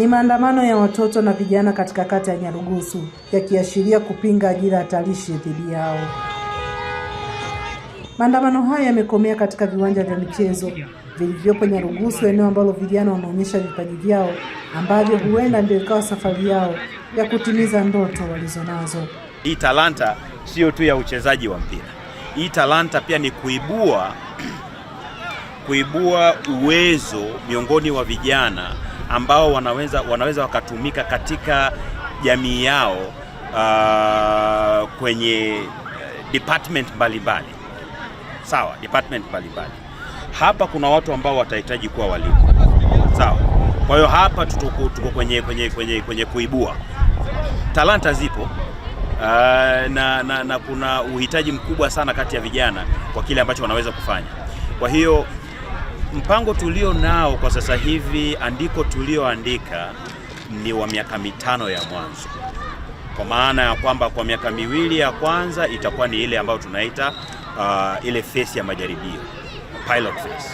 Ni maandamano ya watoto na vijana katika kata ya Nyarugusu yakiashiria kupinga ajira hatarishi dhidi yao. Maandamano hayo yamekomea katika viwanja vya michezo vilivyopo Nyarugusu, eneo ambalo vijana wanaonyesha vipaji vyao ambavyo huenda ndio ikawa safari yao ya kutimiza ndoto walizonazo. Hii talanta siyo tu ya uchezaji wa mpira, hii talanta pia ni kuibua kuibua uwezo miongoni wa vijana ambao wanaweza, wanaweza wakatumika katika jamii yao uh, kwenye eh, department mbalimbali sawa, department mbalimbali. Hapa kuna watu ambao watahitaji kuwa walimu sawa. Kwa hiyo hapa tuko kwenye, kwenye, kwenye, kwenye kuibua talanta zipo Uh, na, na, na kuna uhitaji mkubwa sana kati ya vijana kwa kile ambacho wanaweza kufanya. Kwa hiyo mpango tulio nao kwa sasa hivi, andiko tulioandika ni wa miaka mitano ya mwanzo, kwa maana ya kwamba kwa miaka miwili ya kwanza itakuwa ni ile ambayo tunaita uh, ile phase ya majaribio pilot phase.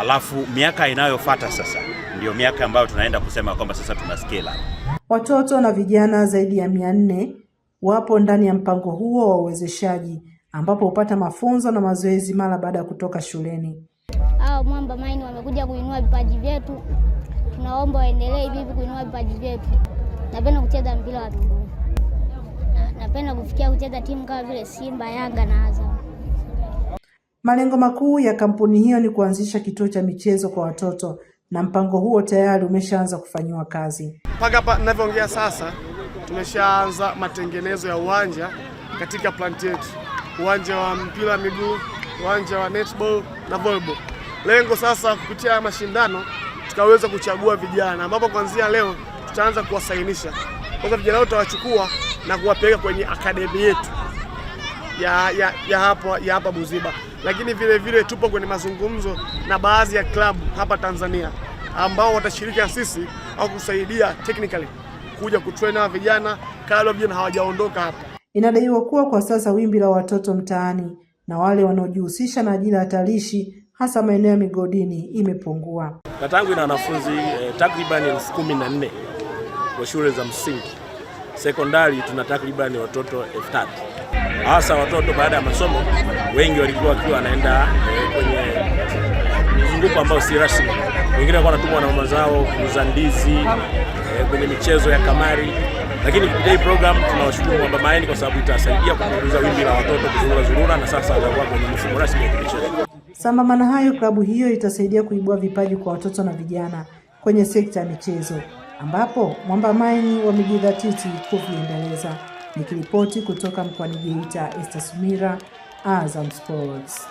Alafu miaka inayofuata sasa ndio miaka ambayo tunaenda kusema kwamba sasa tuna scale up. Watoto na vijana zaidi ya mia nne wapo ndani ya mpango huo wa uwezeshaji ambapo hupata mafunzo na mazoezi mara baada ya kutoka shuleni. Mwamba Mine wamekuja kuinua vipaji vyetu, tunaomba waendelee hivi kuinua vipaji vyetu. Napenda kucheza mpira wa miguu, napenda kufikia kucheza timu kama vile Simba, Yanga na Azam. Malengo makuu ya kampuni hiyo ni kuanzisha kituo cha michezo kwa watoto na mpango huo tayari umeshaanza kufanyiwa kazi. Mpaka hapa ninavyoongea sasa, tumeshaanza matengenezo ya uwanja katika plant yetu, uwanja wa mpira wa miguu, uwanja wa netball na volleyball. Lengo sasa kupitia haya mashindano tukaweza kuchagua vijana ambapo kuanzia leo tutaanza kuwasainisha. Kwanza vijana wote tutawachukua na kuwapeleka kwenye akademi yetu ya, ya, ya hapa ya hapa Buziba, lakini vile vile tupo kwenye mazungumzo na baadhi ya klabu hapa Tanzania ambao watashiriki na sisi au kusaidia technically kuja kutrain hawa vijana kabla vijana hawajaondoka hapa. Inadaiwa kuwa kwa sasa wimbi la watoto mtaani na wale wanaojihusisha na ajira hatarishi hasa maeneo ya migodini imepungua. Katangu ina wanafunzi eh, takriban elfu kumi na nne kwa shule za msingi. Sekondari tuna takriban watoto elfu tatu hasa watoto baada ya masomo, wengi walikuwa wakiwa wanaenda eh, kwenye mzunguko ambao si rasmi, wengine walikuwa wanatumwa na mama zao kuuza ndizi eh, kwenye michezo ya kamari lakini kupitia hii program tunawashukuru Mwamba Maeni kwa sababu itasaidia kupunguza wimbi la watoto kuzurura zurura, na sasa watakuwa kwenye mfumo rasmi wa kilicheo. Sambamba na hayo, klabu hiyo itasaidia kuibua vipaji kwa watoto na vijana kwenye sekta ya michezo, ambapo Mwamba Maini wamejidhatiti kuviendeleza. Nikiripoti kutoka mkoani Geita, Esther Sumira, Azam Sports.